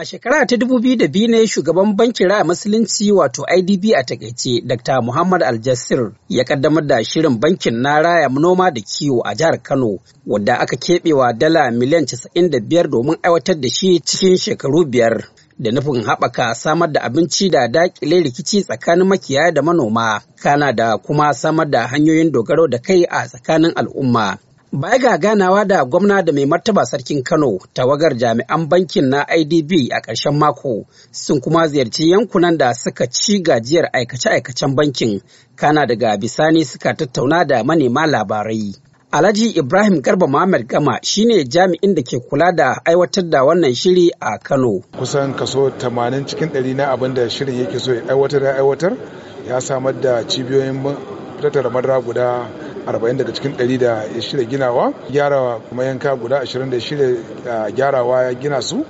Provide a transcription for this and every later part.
A shekara ta dubu biyu da biyu ne shugaban bankin raya musulunci wato IDB a takaice Dr. Muhammad Aljassir ya kaddamar da shirin bankin na raya noma da kiwo a jihar Kano wadda aka keɓewa dala miliyan casa'in da biyar domin aiwatar da shi cikin shekaru biyar. da nufin haɓaka samar da abinci da daƙile rikici tsakanin makiyaya da manoma kana da kuma samar da hanyoyin dogaro da kai a tsakanin al'umma Baya ga ganawa da gwamna da mai martaba sarkin Kano, tawagar jami'an bankin na IDB a ƙarshen mako sun kuma ziyarci yankunan da suka ci gajiyar aikace-aikacen bankin, kana daga bisani suka tattauna da manema labarai. Alhaji Ibrahim Garba Muhammad Gama shine jami'in da ke kula da aiwatar da wannan shiri a Kano. Kusan kaso 80 cikin 100 na abin da shirin yake so ya aiwatar ya aiwatar ya samar da cibiyoyin tattara madara guda arba'in daga cikin ɗari da ya shirya ginawa gyara kuma yanka guda ashirin da ya shirya gyarawa ya gina su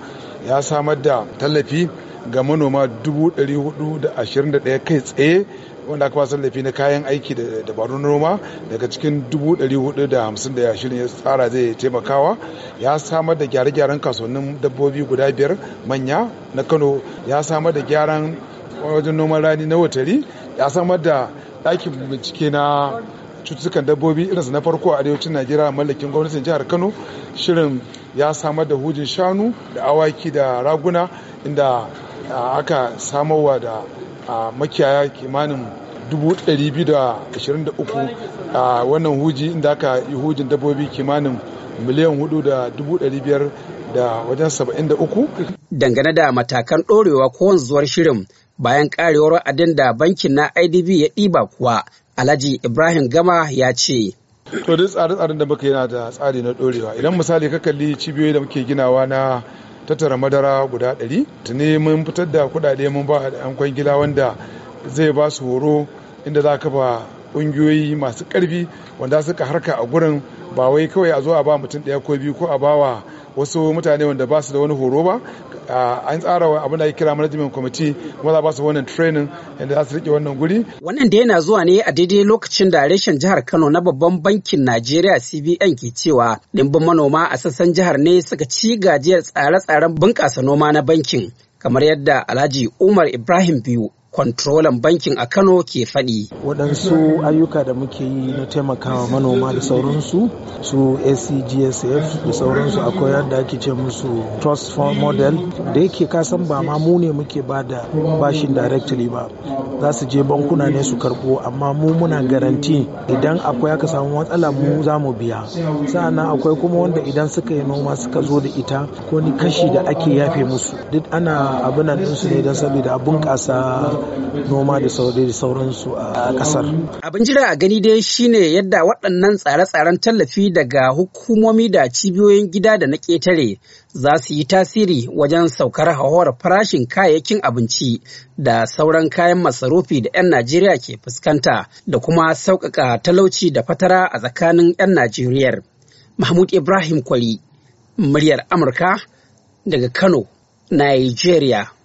ya samar da tallafi ga manoma dubu hudu da da ashirin ɗaya kai tsaye wanda aka fasa tallafi na kayan aiki da dabarun noma daga cikin dubu hudu da shirin ya tsara zai taimakawa ya samar da gyare-gyaren kasuwannin dabbobi guda biyar manya na kano ya samar da gyaran wajen noman rani na watari ya samar da ɗakin bincike na cututtukan dabbobi irinsu na farko a arewacin najeriya mallakin gwamnatin jihar kano shirin ya samar da hujin shanu da awaki da raguna inda aka samarwa da makiyaya kimanin 223 a wannan huji inda aka yi hujin dabbobi kimanin miliyan 4,500 da wajen 73 dangane da matakan ɗorewa ko wanzuwar shirin bayan karewar wa'adin da bankin na idb ya ɗiba kuwa Alhaji Ibrahim Gama ya ce. To duk tsare-tsaren da muka yana da tsari na ɗorewa idan misali ka kalli cibiyoyi da muke ginawa na tattara madara guda ɗari tuni mun fitar da kuɗaɗe mun ba yan kwangila wanda zai ba su horo inda za ka ba ƙungiyoyi masu ƙarfi wanda suka harka a gurin ba wai kawai a zo a ba mutum ɗaya ko biyu ko a bawa wasu mutane wanda ba su da wani horo ba an tsara abin da ake kira management committee kuma za ba su wannan training yadda za su rike wannan guri wannan da yana zuwa ne a daidai lokacin da reshen jihar Kano na babban bankin Najeriya CBN ke cewa dimbin manoma a sassan jihar ne suka ci gajiyar tsare-tsaren bunƙasa noma na bankin kamar yadda Alhaji Umar Ibrahim Biyu kwantrolan bankin a Kano ke faɗi. Waɗansu ayyuka da muke yi na taimakawa manoma da sauransu su ACGSF da sauransu akwai yadda ake ce musu trust fund model da yake kasan ba ma mu ne muke ba da bashin directly ba za su je bankuna ne su karɓo amma mu muna garanti idan akwai aka samu matsala mu za mu biya sa'annan akwai kuma wanda idan suka yi noma suka zo da ita ko ni kashi da ake yafe musu duk ana abunan ɗinsu ne don saboda a bunƙasa noma da sauransu a kasar. Abin jira a gani dai shine yadda waɗannan tsare-tsaren tallafi daga hukumomi da cibiyoyin gida da na ƙetare za su yi tasiri wajen saukar hawar farashin kayayyakin abinci da sauran kayan masarufi da 'yan Najeriya ke fuskanta da kuma sauƙaƙa talauci da fatara a tsakanin 'yan Najeriyar. Mahmud Ibrahim Kwali, muryar Amurka daga Kano, Nigeria.